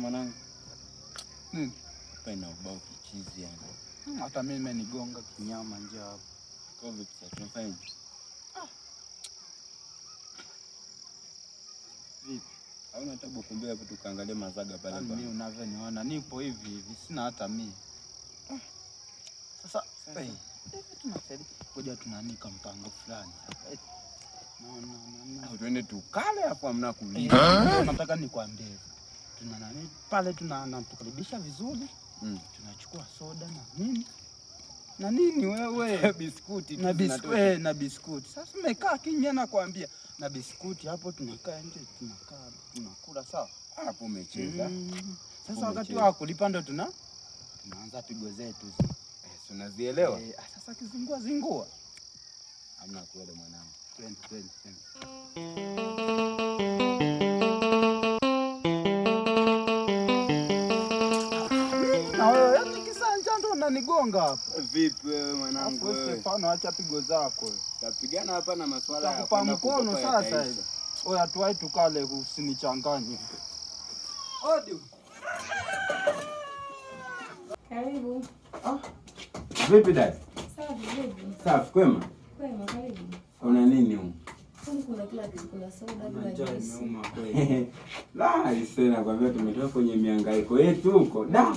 mwanangu. Hmm. ina ubao kichizi yangu. Hmm, hata mimi menigonga kinyama njia hapo. Kwa vipi sasa tunafanya? Ah. Vipi? Hauna tabu kumbea hapo tukaangalia mazaga pale kwa. Yaani mimi unavyoniona nipo hivi hivi sina hata mimi. Ah. Sasa sasa tunafeli kuja tunaanika mpango fulani. Naona naona. Au tuende tukale hapo amna kulia. Eh, nataka nikwambie tuna nani pale, tunatukaribisha vizuri mm. tunachukua soda na nini na nini wewe biskuti na biskuti eh, na biskuti. Sasa umekaa kimya, nakwambia na biskuti hapo. Tunakaa nje tunakaa tunakula, sawa hapo umecheza mm. Sasa wakati wa kulipa ndo tuna tunaanza pigo zetu hizo, eh, unazielewa eh. Sasa kizingua zingua, hamna kweli mwanangu, twende twende twende utanigonga hapo. Vipi wewe mwanangu wewe? Stefano, acha pigo zako. Tapigana hapa na maswala ya kupa mkono sasa hivi. Oya, tuwahi tukale, usinichanganye. Odi. Karibu. Ah. Vipi dad? Safi, vipi? Safi, kwema? Kwema, karibu. Una nini huko? La, isena vile tumetoka kwenye miangaiko yetu huko. Da.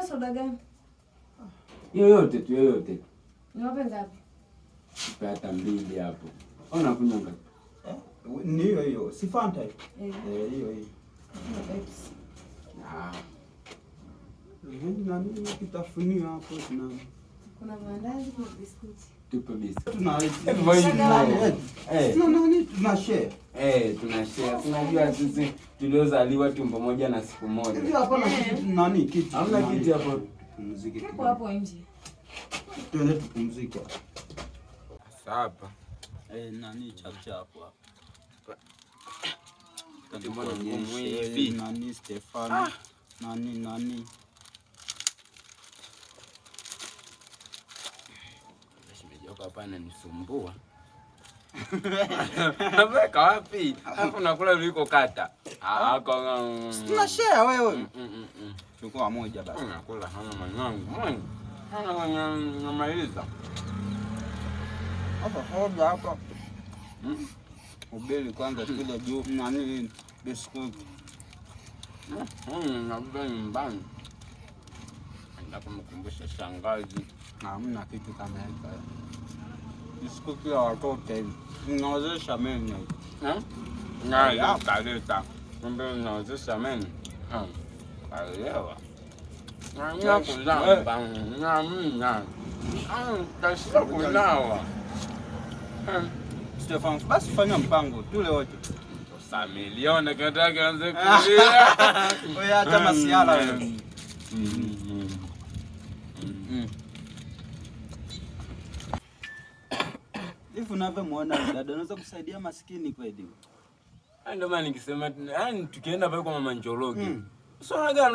Niwape soda gani? Yoyote tu, yoyote tu. Niwape ngapi? Pata mbili hapo. Ona kunywa ngapi? Eh? Ni hiyo hiyo, si Fanta eh. eh, hiyo hiyo. Ah. Nani kitafuniwa hapo tuna. Kuna mandazi na biskuti tupo tuna tuna sisi tuliozaliwa tumbo moja na siku moja, hivi eh. tupumzike hapa. Eh, nani chap chap hapo nani, Stefano ah! nani nani hapa hapa ananisumbua. Weka wapi? Hapo unakula uliko kata. Ah, ah, kwa sina share wewe. Mm, mm, mm, Chukua moja basi. Unakula hana mwanangu. Mwanangu. Hana mwanangu namaliza. Hapa hoja hapa. Ubeli kwanza kile juu nani biskuti. Na ubeli mbani. Ndio kumkumbusha shangazi. Hamna kitu kama hicho siku ya watoto hivi mnawezesha meni naya kaleta ambe mnawezesha meni kaelewa nakuzamba namna tasika kunawa Stefan, basi fanya mpango tule wote milioni kataka anze kulia hata masiala Hivi unavyomwona dada unaweza kusaidia maskini kweli? Ah, ndio maana nikisema yani ah, tukienda pale kwa mama Njoroge. Hmm. So, Sio ah, gani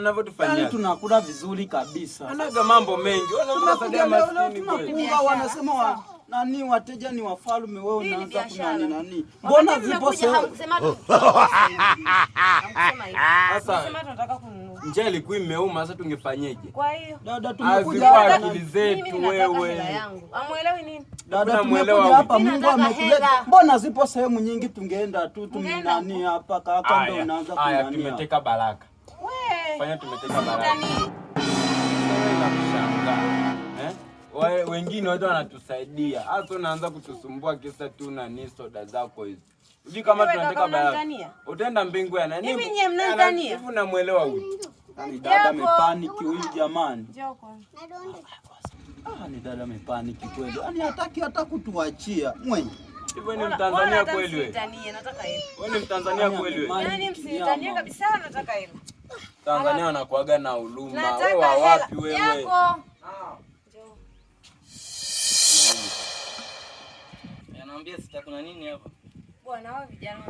unavyotufanyia? Yaani tunakula vizuri kabisa. Anaga mambo mengi. Wala unasaidia maskini kweli. Wanasema wa nani wateja ni wafalme, wewe unaanza kunani nani? Mbona vipo sasa? Sasa tunataka kununua njaa ilikuwa imeuma, sasa tungefanyeje? Kwa hiyo dada, tumekuja akili zetu wewe. Amuelewi nini? Dada, tumekuja hapa, Mungu ametuleta. Mbona zipo sehemu nyingi tungeenda tu tumenani hapa kaka, ndio unaanza kunania. Haya, tumeteka baraka. Wewe. Fanya tumeteka baraka. Wewe eh? wengine watu wanatusaidia. Hata unaanza kutusumbua kisa tu na ni soda zako hizo. Unajua kama tunataka baraka. Utaenda mbingu ya nani? Mimi nyie mnanidhania. Hivi unamwelewa huyu? Yaani dada amepaniki huyu jamani. Ah, ni dada amepaniki kweli. Yaani hataki hata kutuachia. Mwenye. Wewe ni Mtanzania yaani kweli wewe? Wewe ni Mtanzania kweli wewe? Yaani msitanie kabisa nataka hilo. Tanzania wanakuaga na huruma. Wewe wa wapi wewe? Yanaambia sitaki kuna nini hapa? Bwana wao vijana.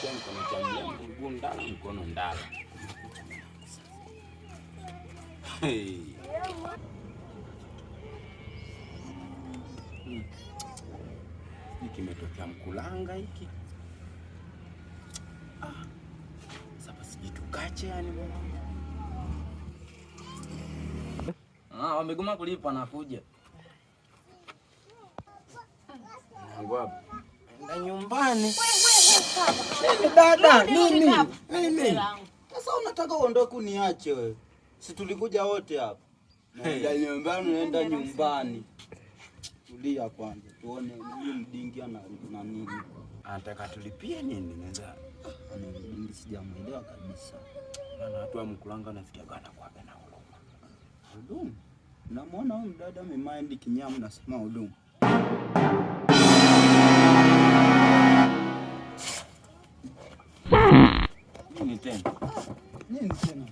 Kucha mkono chambia, mguu ndala, mkono ndala. Hey. kimetokea mkulanga hiki. Ah. Sasa sijitukache yani Ah, wamegoma kulipa nakuja. Mwanangu Enda nyumbani. Mimi dada, mimi. Mimi. Sasa unataka uondoke uniache wewe. Si tulikuja wote hapa. Naenda nyumbani, naenda nyumbani. Tulia kwanza, tuone huyu mdingi ana na nini. Anataka tulipie nini nenda? Ana mdingi sijamuelewa kabisa. Maana watu amkulanga nafikia kana kwa kana huruma. Hudumu. Namuona huyu mdada amemind kinyamu nasema hudumu. んの。